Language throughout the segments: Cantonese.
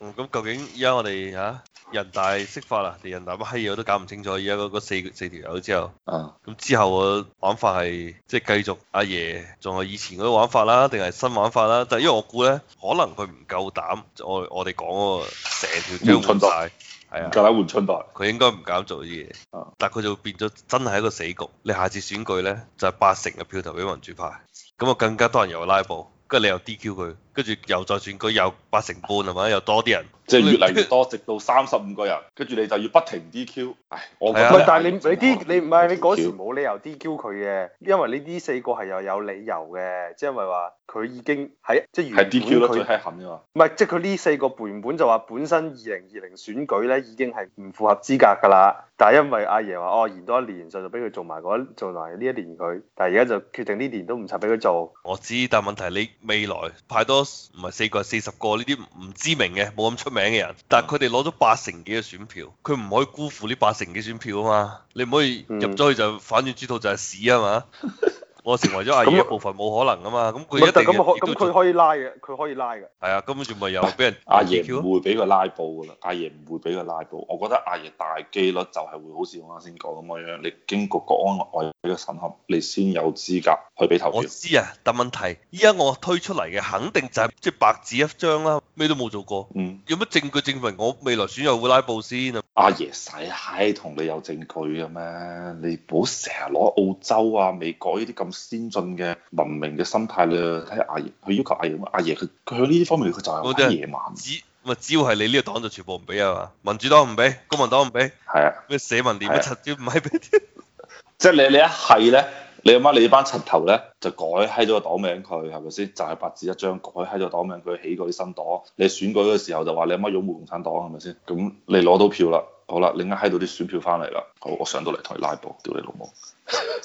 咁、嗯、究竟而家我哋嚇、啊、人大釋法啊？定人大乜閪嘢我都搞唔清楚。而家嗰四四條友之後，啊，咁之後嘅玩法係即係繼續阿、啊、爺仲有以前嗰啲玩法啦，定係新玩法啦？但係因為我估咧，可能佢唔夠膽，我我哋講嗰個成條換春袋，係的啊，架底換春袋，佢應該唔敢做啲嘢，但係佢就會變咗真係一個死局。你下次選舉咧，就係、是、八成嘅票投俾民主派，咁啊更加多人又拉布，跟住你又 DQ 佢。跟住又再選舉有八成半係咪？又多啲人，即係越嚟越多，直到三十五個人，跟住你就要不停 DQ。唉，我覺但係你你啲好你唔係你嗰時冇理由 DQ 佢嘅，因為你呢四個係又有理由嘅，即係因為話佢已經喺即係原本佢唔係即係佢呢四個原本就話本身二零二零選舉咧已經係唔符合資格㗎啦，但係因為阿爺話哦延多一年，就就俾佢做埋嗰做埋呢一年佢，但係而家就決定呢年都唔拆俾佢做。我知，但係問題你未來派多。唔係四個，係四十個。呢啲唔知名嘅，冇咁出名嘅人，但係佢哋攞咗八成幾嘅選票，佢唔可以辜負呢八成幾選票啊嘛，你唔可以入咗去就反轉豬肚就係屎啊嘛。 我成為咗阿爺一部分冇可能噶嘛？咁佢咁可，咁佢可以拉嘅，佢可以拉嘅。係啊，根本就咪有俾人阿爺唔會俾佢拉布噶啦、啊種。阿爺唔會俾佢拉布，我覺得阿爺大機率就係會好似我啱先講咁樣樣。你經過國安委嘅審核，你先有資格去俾投票。我知啊，但問題依家我推出嚟嘅肯定就係、是、即白紙一張啦，咩都冇做過。嗯。有乜證據證明我未來選又會拉布先阿、啊啊、爺使閪同你有證據嘅咩？你唔好成日攞澳洲啊、美國呢啲咁。先進嘅文明嘅心態咧，睇阿爺，佢要求阿爺，阿爺佢佢喺呢方面佢就係好野蠻。只只要係你呢個黨就全部唔俾啊嘛，民主黨唔俾，公民黨唔俾，係啊，咩社民連咩唔係俾，即係你你一係咧，你阿媽你班陳頭咧，就改喺咗個黨名佢係咪先？就係、是、八字一張改喺咗黨名佢起嗰啲新黨，你選舉嘅時候就話你阿媽擁護共產黨係咪先？咁你攞到票啦。好啦，你啱喺度啲選票翻嚟啦，好，我上到嚟同你拉布，屌你老母，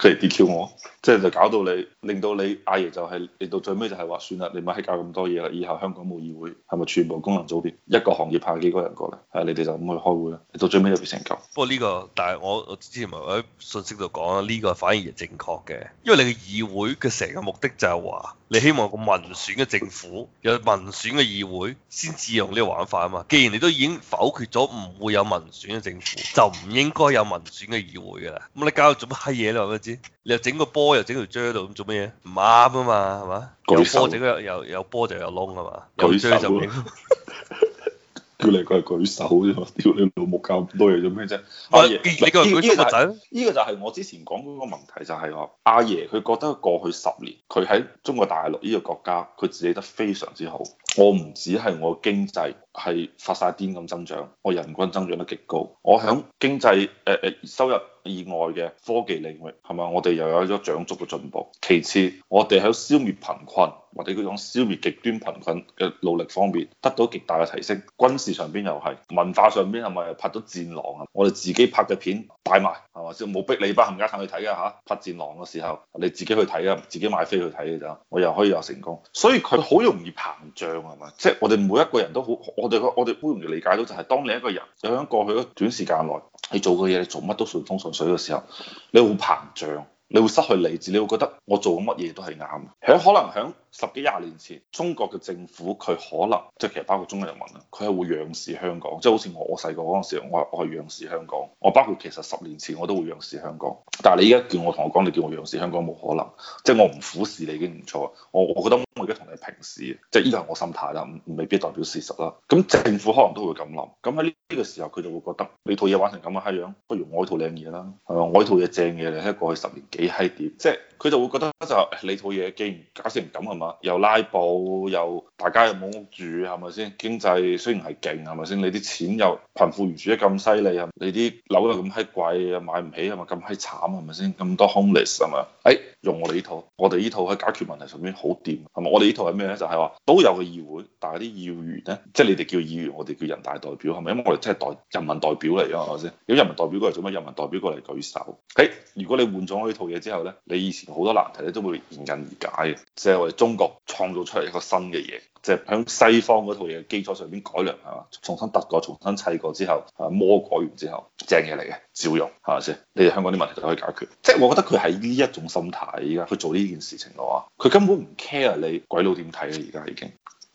佢 嚟 DQ 我，即係就搞到你，令到你阿爺,爺就係、是，令到最尾就係話，算啦，你咪好喺搞咁多嘢啦，以後香港冇議會，係咪全部功能組別，嗯、一個行業派幾個人過嚟，係你哋就咁去開會啦，你到最尾就變成咁。不過呢、這個，但係我我之前咪喺信息度講啦，呢、這個反而係正確嘅，因為你嘅議會嘅成個目的就係話，你希望個民選嘅政府，有民選嘅議會，先使用呢個玩法啊嘛。既然你都已經否決咗唔會有民選。政府就唔應該有民選嘅議會噶啦，咁你搞到做乜閪嘢咧？我唔知，你又整個波又整條蕉喺度，咁做乜嘢？唔啱啊嘛，係嘛？舉波整咗又又波就有窿啊嘛，有就舉手，啊、 叫你佢係舉手啫嘛，叫你老母搞咁多嘢做咩啫？阿爺是，呢個呢個就呢、是這個就係我之前講嗰個問題就係我阿爺，佢、啊、覺得過去十年佢喺中國大陸呢個國家，佢自己得非常之好。我唔止係我經濟係發曬癲咁增長，我人均增長得極高，我響經濟、呃、收入。意外嘅科技領域係嘛？我哋又有咗長足嘅進步。其次，我哋喺消滅貧困或者嗰種消滅極端貧困嘅努力方面得到極大嘅提升。軍事上邊又係，文化上邊係咪拍咗戰狼啊？我哋自己拍嘅片大賣，係嘛？即冇逼你，不冚家鏟去睇嘅。吓，拍戰狼嘅時候，你自己去睇啊，自己買飛去睇嘅咋。我又可以有成功。所以佢好容易膨脹係嘛？即係我哋每一個人都好，我哋個我哋好容易理解到就係當你一個人喺過去嘅短時間內，你做嘅嘢，你做乜都順風順。水嘅時候，你會膨脹，你會失去理智，你會覺得我做乜嘢都係啱。響可能響十幾廿年前，中國嘅政府佢可能即係其實包括中國人民啊，佢係會仰視香港，即係好似我我細個嗰陣時時，我我係仰視香港。我包括其實十年前我都會仰視香港，但係你依家叫我同我講，你叫我仰視香港冇可能，即係我唔俯視你已經唔錯。我我覺得我而家同你。市即係依個係我心態啦，未必代表事實啦。咁政府可能都會咁諗，咁喺呢呢個時候佢就會覺得你套嘢玩成咁嘅閪樣，不如我依套靚嘢啦，係我依套嘢正嘢你喺過去十年幾閪掂，即係佢就會覺得就你套嘢既然加息唔敢係嘛，又拉布又大家又冇屋住係咪先？經濟雖然係勁係咪先？你啲錢又貧富懸殊得咁犀利啊，你啲樓又咁閪貴啊，買唔起係咪咁閪慘係咪先？咁多 homeless 係咪？哎。用我哋呢套，我哋呢套喺解決問題上面好掂，係咪？我哋呢套係咩咧？就係話都有個議會，但係啲議員咧，即係你哋叫議員，我哋叫人大代表，係咪？因為我哋真係代人民代表嚟啊嘛先。如果人民代表過嚟做咩？人民代表過嚟舉手。喺如果你換咗我呢套嘢之後咧，你以前好多難題咧都會迎刃而解嘅。即係我哋中國創造出嚟一個新嘅嘢。就係喺西方嗰套嘢基礎上面改良係嘛，重新突過、重新砌過之後，啊魔改完之後，正嘢嚟嘅，照用係咪先？你哋香港啲問題就可以解決。即係我覺得佢係呢一種心態，而家去做呢件事情嘅話，佢根本唔 care 你鬼佬點睇嘅。而家已經，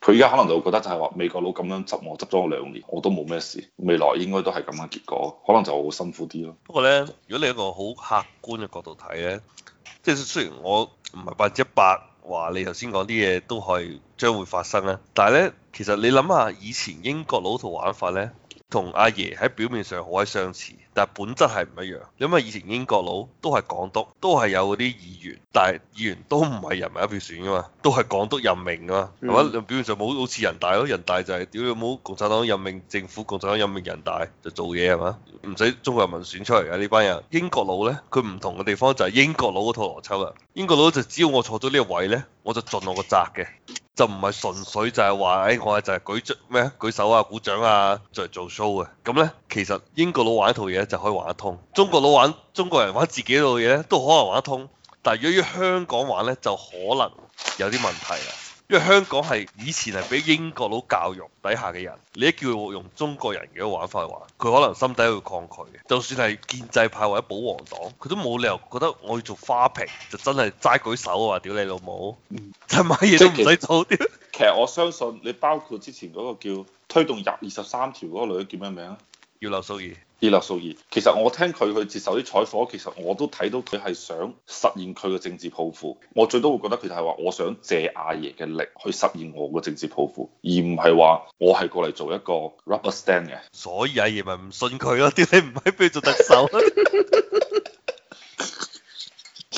佢而家可能就會覺得就係話美國佬咁樣執我執咗我兩年，我都冇咩事，未來應該都係咁嘅結果，可能就辛苦啲咯。不過咧，如果你一個好客觀嘅角度睇咧，即係雖然我唔係百分之一百。8, 話你頭先講啲嘢都係將會發生啦，但係咧，其實你諗下以前英國老套玩法咧，同阿爺喺表面上好鬼相似。但係本質係唔一樣，因為以前英國佬都係港督，都係有嗰啲議員，但係議員都唔係人民一票選噶嘛，都係港督任命噶嘛，係嘛、嗯？表面上冇好似人大咯，人大就係屌你冇共產黨任命政府，共產黨任命人大就做嘢係嘛？唔使中國人民選出嚟嘅呢班人，英國佬咧佢唔同嘅地方就係英國佬嗰套邏輯啦，英國佬就只要我坐咗呢個位咧，我就盡我個責嘅。就唔係純粹就係話誒，我係就係舉著咩舉手啊，鼓掌啊，就嚟做 show 嘅。咁咧，其實英國佬玩一套嘢咧，就可以玩得通；中國佬玩中國人玩自己嗰套嘢咧，都可能玩得通。但係，如果於香港玩咧，就可能有啲問題啦。因為香港係以前係俾英國佬教育底下嘅人，你一叫佢用中國人嘅玩法去玩，佢可能心底會抗拒嘅。就算係建制派或者保皇黨，佢都冇理由覺得我要做花瓶，就真係齋舉手話、啊、屌你老母，即係買嘢都唔使做其實。 其實我相信你，包括之前嗰個叫推動入二十三條嗰個女叫，叫咩名啊？要留數二，要留數二。其實我聽佢去接受啲採訪，其實我都睇到佢係想實現佢嘅政治抱負。我最多會覺得佢就係話，我想借阿爺嘅力去實現我嘅政治抱負，而唔係話我係過嚟做一個 rubber stand 嘅。所以阿爺咪唔信佢咯，屌你唔閪不如做特首。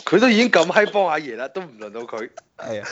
佢都已經咁閪幫阿爺啦，都唔輪到佢。係啊，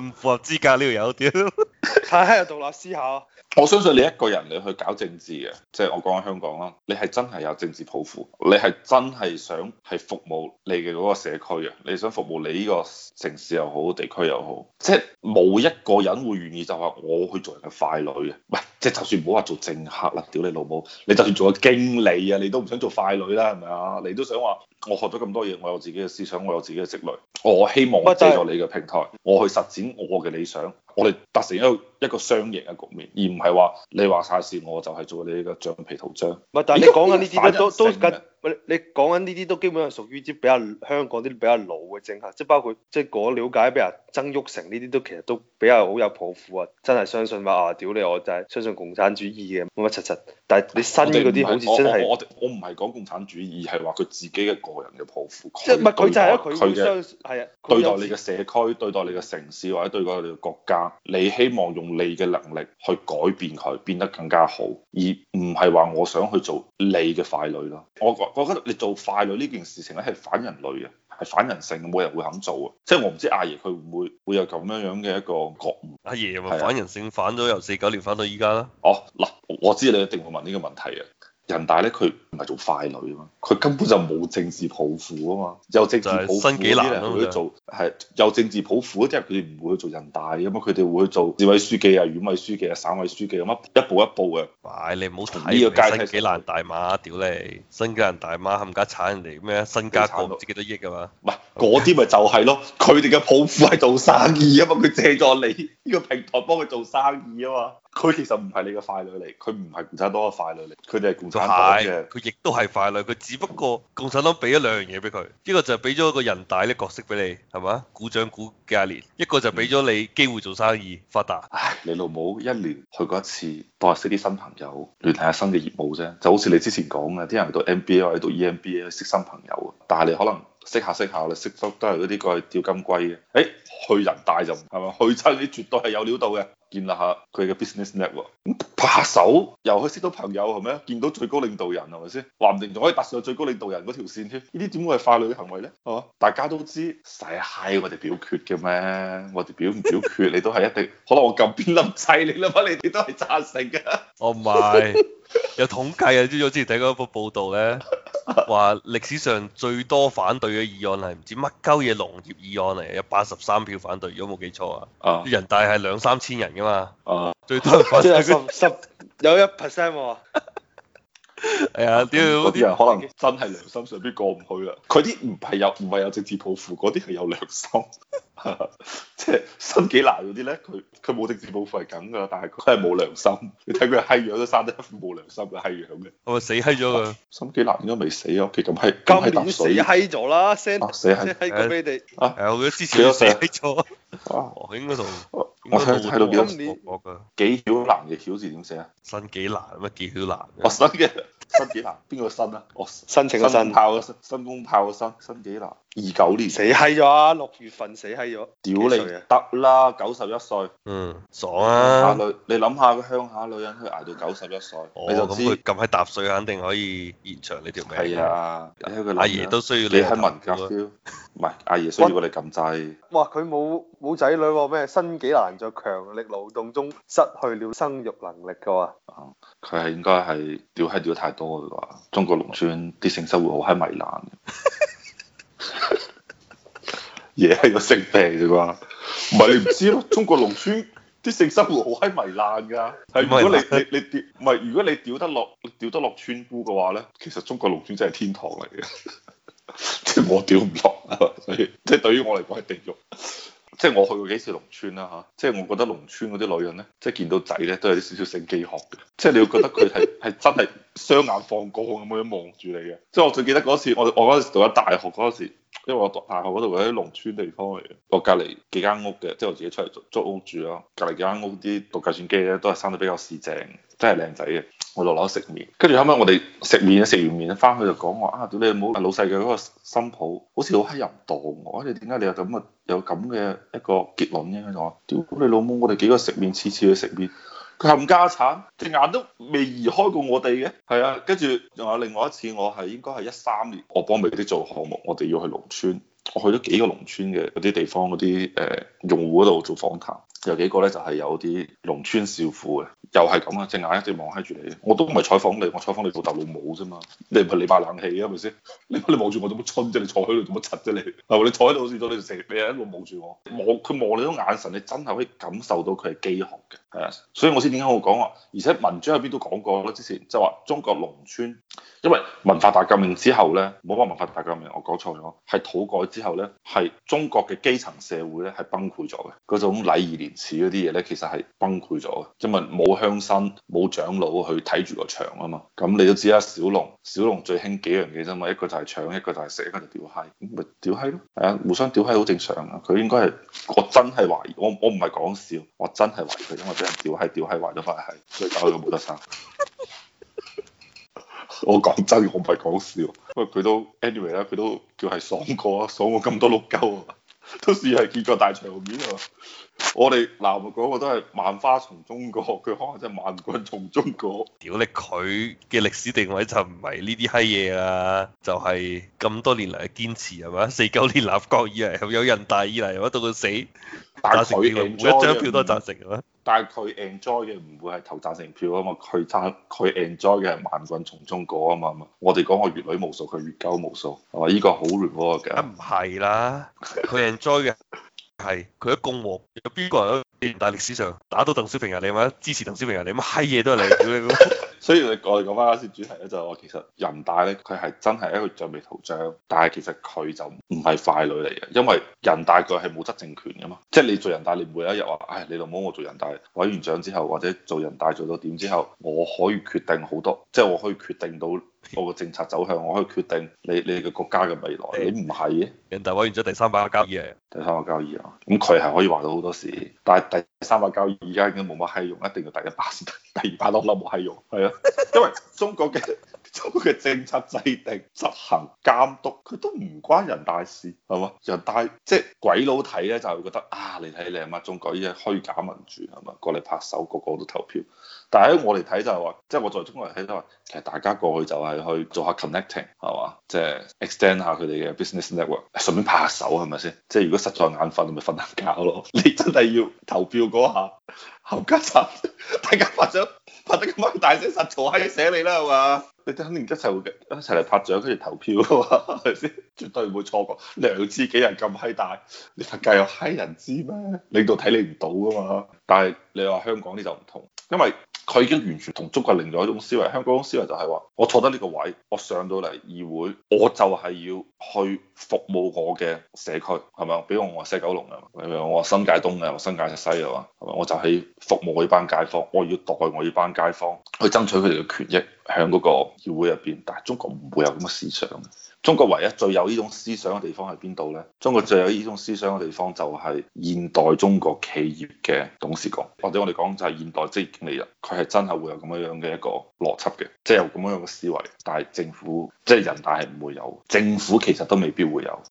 唔 符合資格呢條友，屌！這個 係，有獨立思考。我相信你一個人你去搞政治嘅，即係我講緊香港啦，你係真係有政治抱負，你係真係想係服務你嘅嗰個社區嘅，你想服務你呢個城市又好，地區又好，即係冇一個人會願意就話我去做人嘅傀儡嘅。喂。即係就算唔好話做政客啦，屌你老母！你就算做個經理啊，你都唔想做傀儡啦，係咪啊？你都想話我學咗咁多嘢，我有自己嘅思想，我有自己嘅積累，我希望我藉助你嘅平台，是我去實踐我嘅理想，我哋達成一個一個雙贏嘅局面，而唔係話你話晒事，我就係做你呢個橡皮圖章。唔係，但係你講緊呢啲都都，都你講緊呢啲都基本上屬於啲比較香港啲比較老嘅政客，即係包括即係我瞭解，比如曾鈺成呢啲都其實都比較好有抱負啊！真係相信話屌你，我就係相信共產主義嘅乜乜七七。但係你新嗰啲好似真係我我唔係講共產主義，而係話佢自己嘅個人嘅抱負。即係是佢的就係佢嘅，係啊。對待你嘅社區，對待你嘅城市，或者對待你嘅國家，你希望用你嘅能力去改變佢變得更加好，而唔係話我想去做你嘅傀儡咯。我覺。我覺得你做快女呢件事情咧係反人類啊，係反人性，冇人會肯做啊！即係我唔知阿爺佢會會,會有咁樣樣嘅一個覺悟。阿爺咪反人性，啊、反咗由四九年翻到依家啦。哦，嗱，我知你一定會問呢個問題啊！人大咧佢唔係做快女啊嘛，佢根本就冇政治抱負啊嘛，又政治抱負啲人同佢做。係有政治抱負，即係佢哋唔會去做人大嘛，咁啊佢哋會去做市委書記啊、縣委書記啊、省委書記咁、啊、一步一步嘅。喂，你唔好同呢個階梯幾難大馬屌你，新加人大馬冚家鏟人哋咩？新加坡唔知幾多億啊嘛。唔係嗰啲咪就係咯，佢哋嘅抱負係做生意啊嘛，佢借咗你呢個平台幫佢做生意啊嘛。佢其實唔係你嘅傀儡嚟，佢唔係共產黨嘅傀儡嚟，佢哋係共產黨，佢亦都係傀儡，佢只不過共產黨俾咗兩樣嘢俾佢，呢個就係俾咗個人大啲角色俾你，係。嘛，鼓掌鼓幾年，一個就俾咗你機會做生意發達。唉，你老母一年去過一次，多識啲新朋友，聯繫下新嘅業務啫。就好似你之前講嘅，啲人去到 MBA，喺度 EMBA 識新朋友，但係你可能識下識下，你識得都係嗰啲個係釣金龜嘅。誒、欸，去人大就係嘛，去親啲絕對係有料到嘅。建立下佢嘅 business network，咁拍、啊、手又可以識到朋友係咪啊？見到最高領導人係咪先？話唔定仲可以搭上最高領導人嗰條線添。呢啲點會係法律嘅行為咧？啊，大家都知使閪我哋表決嘅咩？我哋表唔表決你都係一定。 可能我撳邊粒掣你啦嘛？你哋都係贊成嘅。我唔係。有統計啊，你知唔知我之前睇過一個報道咧，話歷史上最多反對嘅議案係唔知乜鳩嘢農業議案嚟，有八十三票反對，如果冇記錯啊。啊。Oh. 人大係兩三千人嘅。啊！最多十十 有一 percent 喎。係啊，屌、 哎！啲人可能真係良心上邊過唔去啦。佢啲唔係有唔係有政治抱負，嗰啲係有良心。即係心幾難嗰啲咧，佢佢冇政治抱負係咁噶，但係佢係冇良心。你睇佢閪樣都生得一副冇良心嘅閪樣嘅，我死閪咗佢。心幾難都未死啊，其實係今年死閪咗啦，send s 俾你，啊。係我記得之前死咗。哦，應該仲。看我睇到幾多個？紀曉嵐嘅曉字點寫啊？申紀蘭咩？紀曉嵐？哦，申嘅申紀蘭，邊個申啊？哦，申請嘅申公豹嘅申，申公豹申，申紀蘭。二九年死閪咗，六月份死閪咗。屌你得啦，九十一歲。嗯，傻啊！你諗下個鄉下女人，去捱到九十一歲，你就知撳喺沓水肯定可以延長呢條命。係啊，阿爺都需要你喺文革。唔係阿爺需要我你撳掣。哇！佢冇冇仔女喎？咩新幾難在強力勞動中失去了生育能力嘅話，佢係應該係屌閪屌太多嘅話，中國農村啲性生活好閪糜爛。嘢係個性病嚟啫啩，唔係你唔知咯。 中國農村啲性生活好閪糜爛㗎，係 如果你你你屌，唔係如果你屌得落，屌得落村姑嘅話咧，其實中國農村真係天堂嚟嘅，即 係我屌唔落啊，所以即係、就是、對於我嚟講係地獄。即係我去過幾次農村啦、啊、吓、啊，即係我覺得農村嗰啲女人咧，即係見到仔咧都係啲少少性饑渴嘅，即係你會覺得佢係係真係雙眼放光咁樣望住你嘅。即係我最記得嗰次，我我嗰陣讀咗大學嗰陣時，因為我讀大學嗰度係啲農村地方嚟嘅，我隔離幾間屋嘅，即係我自己出嚟租屋住咯。隔離幾間屋啲讀計算機咧都係生得比較四正，真係靚仔嘅。我落樓食麵，跟住後尾我哋食麵，食完麵翻去就講我啊，你冇老細嘅嗰個新抱，好似好乞人憎喎，你點解你有咁嘅有咁嘅一個結論嘅咧？我，屌你老母，我哋幾個食麵次次去食麵，佢冚家產，隻眼都未移開過我哋嘅。係啊，跟住仲有另外一次，我係應該係一三年，我幫美的做項目，我哋要去農村，我去咗幾個農村嘅嗰啲地方嗰啲誒用戶嗰度做訪談。有幾個咧就係、是、有啲農村少婦嘅，又係咁啊！隻眼一直望喺住你，我都唔係採訪你，我採訪你老豆老母啫嘛。你唔係你霸冷氣啊？咪先，你你望住我做乜春啫？你坐喺度做乜柒啫？你係你坐喺度好似當你成日啊？一路望住我，望佢望你種眼神，你真係可以感受到佢係饑渴嘅。係啊，所以我先點解我講啊？而且文章入邊都講過啦，之前就話中國農村。因為文化大革命之後咧，唔好話。文化大革命，我講錯咗，係土改之後咧，係中國嘅基層社會咧係崩潰咗嘅，嗰種禮義廉恥嗰啲嘢咧，其實係崩潰咗嘅，因為冇鄉紳冇長老去睇住個場啊嘛，咁你都知啦，啊，小龍小龍最興幾樣嘢啫嘛，一個就係搶，一個就係食，一個就屌閪，咁咪屌閪咯，係啊，互相屌閪好正常啊，佢應該係我真係懷疑，我我唔係講笑，我真係懷疑，佢。因為俾人屌閪屌閪壞咗塊閪，所以搞到冇得生。我講真，我唔係講笑，不過佢都 anyway 啦，佢都叫係爽過，爽過啊，爽過咁多碌鳩，都只係見過大場面啊！我哋南國我都係萬花從中過，佢可能真係萬軍從中過。屌你，佢嘅歷史定位就唔係呢啲嗨嘢啊，就係、是、咁多年嚟嘅堅持係嘛，四九年立國以嚟，有人大以嚟，由得到死，是打成點每一張票都係贊成嘅。不但係佢 enjoy 嘅唔會係投贊成票啊嘛，佢爭佢 enjoy 嘅係萬棍從中過啊嘛，我哋講我閲女無數，佢閲鳩無數，係咪呢個好 reward 嘅？梗唔係啦，佢 enjoy 嘅係佢喺共和，有邊個喺現代歷史上打到鄧小平人嚟咪？支持鄧小平人嚟，乜閪嘢都係你。你 所以我哋講翻啱先主題咧，就係話其實人大咧，佢係真係一個橡皮圖章，但係其實佢就唔係傀儡嚟嘅，因為人大佢係冇執政權噶嘛，即係你做人大，你每一日話，唉、哎，你老母我做人大，委員長之後或者做人大做到點之後，我可以決定好多，即係我可以決定到。我個政策走向，我可以決定你你哋個國家嘅未來。你唔係，人大委員長第三把交椅，第三把交椅啊，咁佢係可以話到好多事。但係第三把交椅而家已經冇乜閪用，一定要第一把先，第二把都冇閪用，係啊，因為中國嘅。 做嘅政策制定、執行監督，佢都唔關人大事，係嘛？人大即係鬼佬睇咧，就會覺得啊，你睇你啊，中國依啲係虛假民主，係嘛？過嚟拍手，個個都投票。但喺我嚟睇就係話，即係我作為中國人睇就係話，其實大家過去就係去做下 connecting，係嘛？即係 extend 下佢哋嘅 business network，順便拍下手係咪先？即係如果實在眼瞓，咪瞓下覺咯。你真係要投票嗰下？侯家集大家拍掌，拍得咁大聲，實嘈閪醒你啦，係嘛？你哋肯定一齊會一齊嚟拍掌，跟住投票嘛，係咪先？絕對唔會錯過。兩知幾人咁閪大？你特價有閪人知咩？領導睇你唔到噶嘛？但係你話香港啲就唔同，因為。佢已經完全同中國另咗一種思維，香港嗰種思維就係話，我坐得呢個位，我上到嚟議會，我就係要去服務我嘅社區，係咪？比如我話西九龍嘅，我話新界東嘅，或新界西嘅話，係咪？我就係服務我呢班街坊，我要代我呢班街坊去爭取佢哋嘅權益。喺嗰個協會入邊，但係中國唔會有咁嘅思想。中國唯一最有呢種思想嘅地方係邊度呢？中國最有呢種思想嘅地方就係現代中國企業嘅董事局，或者我哋講就係現代職業經理人，佢係真係會有咁樣樣嘅一個邏輯嘅，即係有咁樣樣嘅思維。但係政府即係人大係唔會有，政府其實都未必會有。